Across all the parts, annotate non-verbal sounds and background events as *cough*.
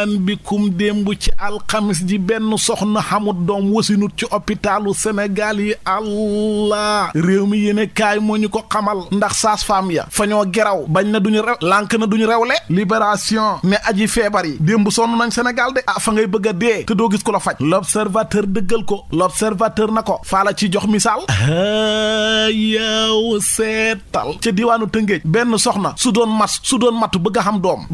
marhaban bikum démb ci alxamis ji benn soxna xamut doom wasinut ci hôpitalu Sénégal yi allah réew mi yéen kaay moo ñu ko xamal ndax saas-femme ya fa ñoo geraw bañ na duñu rew lank na duñu rewle libération ne aji feebar yi démb sonn nañ Sénégal de ah fa ngay bëgg a dee te doo gis ko la faj l'observateur dëggal ko l'observateur na ko faa la ci jox misaal *laughs* yow seetal ca diwaanu Tëngéej benn soxna su doon mat su doon mat bëgg xam doom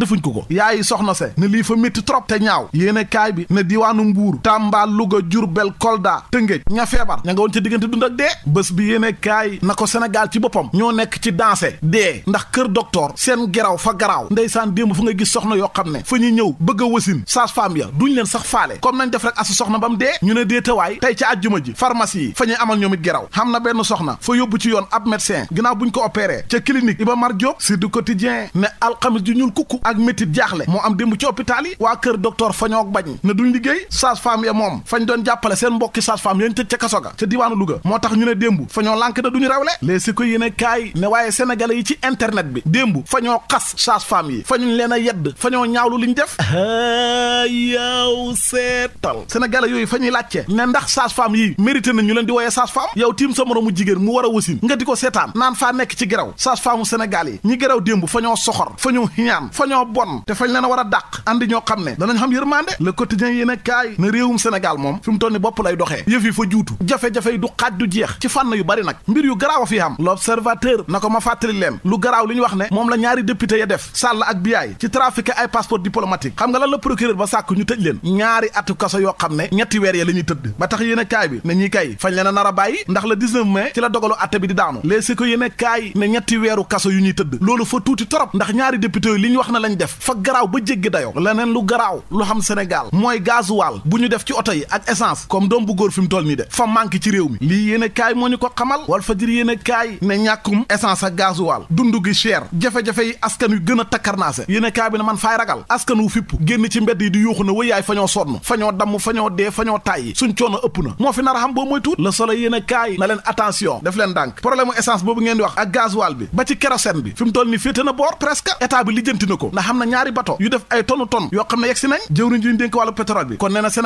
defuñ ko ko yaayi soxna se ne lii fa métti trop te ñaaw yéene kaay bi ne diwaanu Mbuur Tamba Louga Diourbel Kolda Tëngéej ña feebar ña nga woon ca diggante dund dee bés bi yéene kaay na ko Sénégal ci boppam ñoo nekk ci dansé dee ndax kër docteur seen geraw fa garaaw ndeysaan démb fa nga gis soxna yoo xam ne fa ñu ñëw bëgg a wasin sage-femme ya duñ leen sax faale comme nañ def rek asu soxna ba mu dee ñu ne déetawaay tey ci àjjuma ji pharmacie yi fa ñuy amal ñoom geraw xam na benn soxna fa yóbbu ci yoon ab médecin ginnaaw buñ ko opéré ca clinique Iba Mar Diop si du quotidien ne alxamis ju ñuul kukku ak métit moo am démb ci hôpital yi waa kër docteur fañoog bañ ne duñ liggéey sage-femme ya moom fañ doon jàppale seen mbokki sage-femme yañ tëj ca kaso ga ca diwaanu Louga moo tax ñu ne démb fañoo lànk na duñu rawle les si ko yéene kaay ne waaye sénégalais yi ci internet bi démb fañoo xas sage-femme yi fañuñ leen a yedd fañoo ñaawlu liñ def yow seetal sénégalais yooyu fa ñuy ne ndax sage-femme yi mérité na ñu leen di wooyee sage-femme yow tiim sa moromu jigéen mu war a wasin nga di ko seetaan naan faa nekk ci geraw sage-femme Sénégal yi ñi geraw démb fa ñoo ñoo bon te fañ leen a war a dàq baax àndi ñoo xam ne danañ xam yërmande le quotidien yéen a kaay réewum Sénégal moom fi mu toll bopp lay doxee yëf yi fa juutu jafe-jafe yi du xaaj du jeex ci fànn yu bari nag mbir yu garaaw a fi am l'observateur na ko ma fàttali leen lu garaaw li ñu wax ne moom la ñaari député ya def Sall ak Biaye ci trafiqué ay passeport diplomatique xam nga lan la procureur ba sàkk ñu tëj leen ñaari atu kaso yoo xam ne ñetti weer ya la tëdd ba tax yéen kaay bi ne ñi kay fañ leen a ndax le 19 mai ci la dogalu bi di daanu les si ne ñetti weeru kaso yu ñuy tëdd loolu fa tuuti torop ndax ñaari député yi ñu wax na lañ def fa garaaw ba jéggi dayoo leneen lu garaaw lu xam Sénégal mooy gasoil bu ñu def ci oto yi ak essence comme doom bu góor fi mu toll nii de fa manqué ci réew mi lii yéen a kaay moo ñu ko xamal wal fajiri yéen a kaay ne ñàkkum essence ak gasoil dund gi cher jafe-jafe yi askan yu gën a takkarnaase yéen a kaay bi ne man faay ragal askan wu fipp génn ci mbedd yi di yuuxu na wëyaay fa ñoo sonn fa ñoo damm fa ñoo dee fa ñoo tàyyi suñ ëpp na moo fi nar a xam boo moytuut le soleil yéen a kaay na leen attention def leen fi mu toll nii féete na boor presque état bi lijjanti na ko na ñaari bato yu def ay tonnes tonne tonne yoo xam ne yegg si nañ jëwriñ ji ñu dénk wàllu pétrole bi kon nee na na seen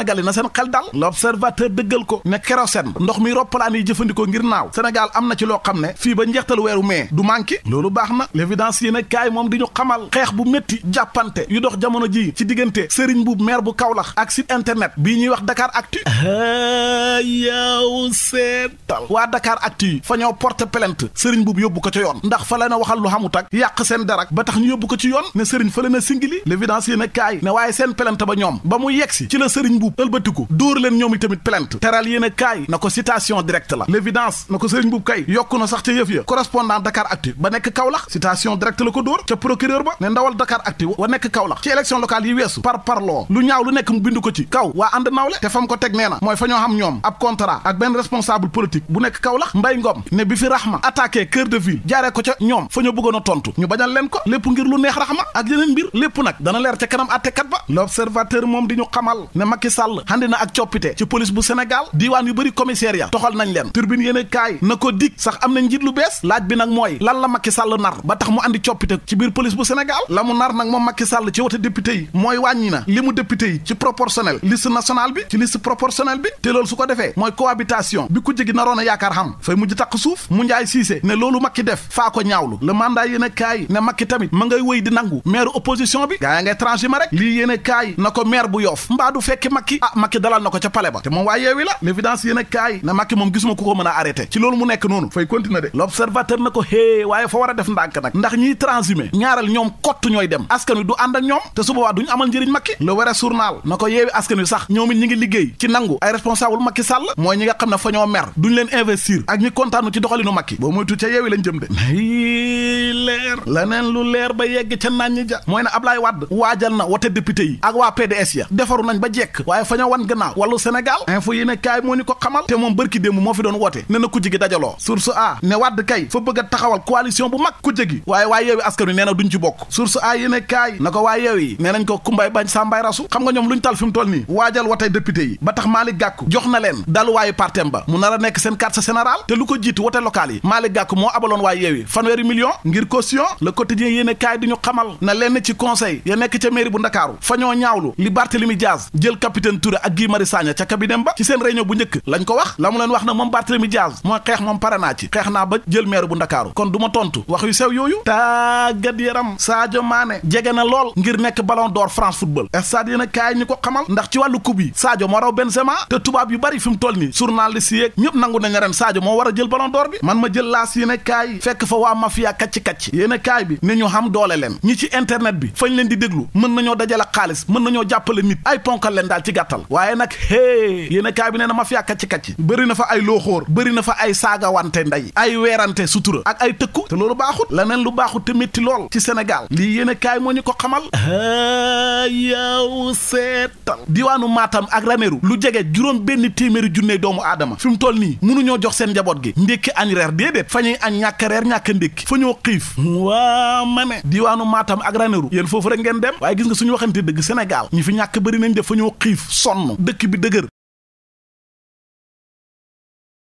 xel dal l'observateur dëggal ko ne kérosène ndox mi roppalaan yi jëfandikoo ngir naaw Sénégal am na ci loo xam ne fii ba njeextal weeru mai du manqué loolu baax na l'évidence yéen kaay moom di ñu xamal xeex bu métti jàppante yu dox jamono ji ci diggante Serigne Mboup maire bu Kaolack ak site internet bii ñuy wax Dakar Actu ah, waa Dakar Actu yi porte plainte sëriñ buubu yóbbu ko ca yoon ndax fa la na waxal lu yàq seen darak ba tax ñu yóbbu ko ci yoon ne sëriñ fa la singili l'évidence yéen kaay ne waaye seen plainte ba ñoom ba mu yegsi ci la sëriñ buub ëlbatiku dóor leen ñoom itamit plainte teral yéen kaay na ko citation directe la l'évidence na ko sëriñ buub kay yokk na sax ca yëf ya correspondant Dakar Actu ba nekk Kaolack citation directe la ko dóor wa nekk Kaolack ci politique bu nekk Kaolack Mbaye Ngom ne bi a tontu ba l'observateur moom toxal nañ leen turbine yéen na ko dig sax am na njiit lu bees laaj bi nag mooy lan la Macky Sall nar ba tax mu andi coppite ci biir police bu Sénégal la mu nar nag moom Macky Sall ci wote député yi mooy wàññi na li mu député yi ci proportionnel liste nationale bi ci liste proportionnel bi te loolu su ko defee mooy cohabitation bi ku gi naroon a yaakaar xam fay mujj takk suuf mu njaay siise ne loolu makki def faa ko ñaawlu le mandat yéen kaay ne makki tamit ma ngay di nangu maire opposition bi gaa yaa ngay transhumé rek lii yéen kaay na ko maire bu yoof mbaa du fekki makki ah makki dalal na ko ca pale ba te moom waa yeewi la l' évidence kaay ne makki moom gisuma ku ko mën a arrêté ci loolu mu nekk noonu fay continuer de l' na ko hée waaye fa war a def ndànk nag ndax duñu leen investir ak ñi kontaanu ci doxalinu Macky boo moytu ca yeewi lañ jëm de nay leer leneen lu leer ba yegg ca naan ñi ja mooy ne Ablaye Wade waajal na wote député yi ak waa PDS ya defaru nañ ba jekk waaye fa ñoo wan gannaaw wàllu Sénégal info yi ne moo ñu ko xamal te moom bërki démb moo fi doon woote ne na kujje gi dajaloo source a ne Wade kay fa bëgg taxawal coalition bu mag ku gi waaye waa yeewi askan wi nee na duñ ci bokk source a yi waa yeewi nee nañ ko kumbay bañ sàmbaay rasu xam nga fi mu toll nii waajal wote député yi ba tax Malick Gakou jox na leen daluwaayu partem ba a nekk seen carte générale te lu ko jiitu wote local yi Malick Gakou moo abaloon waa Yewwi fanweeri million ngir caution le quotidien yéene kaay di ñu xamal na lenn ci conseil ya nekk ca mairie bu Ndakaaru fa ñaawlu li Barthélemy Diaz jël capitaine Touré ak Guy Marius Sagna ca cabinet ba ci seen réunion bu njëkk lañ ko wax la mu leen wax na moom Barthélemy Diaz mooy xeex moom pare naa ci xeex naa ba jël maire bu Ndakaaru kon du ma tontu wax yu sew yooyu nangu nangu nañ ren Sadio moo war a jël ballon d'or bi man ma jël laas yéen a kaay fekk fa waa mafia kacc-kacc yéen kaay bi ne ñu xam doole leen ñi ci internet bi fañ leen di déglu mën nañoo dajale xaalis mën nañoo jàppale nit ay ponkal leen daal ci gàttal waaye nag hee yéen a bi nee na mafia kacc-kacc bari na fa ay looxóor bari na fa ay saagawante nday ay weerante sutura ak ay tëkku te loolu baaxut leneen lu baaxut te métti lool ci Sénégal lii yéen a kaay moo ñu ko xamal ah, yow seetal diwaanu ak Ranérou lu jege juróom benn téeméeri junne doomu aadama fi mu toll toll nii mënuñoo jox seen njaboot gi ndékki añ reer déedéet fa ñuy añ ñàkk reer ñàkk ndékki fa ñoo xiif waa ma ne diiwaanu Matam ak Ranérou yéen foofu rek ngeen dem waaye gis nga suñu waxante dëgg Sénégal ñi fi ñàkk bëri nañ def fa ñoo xiif sonn dëkk bi dëgër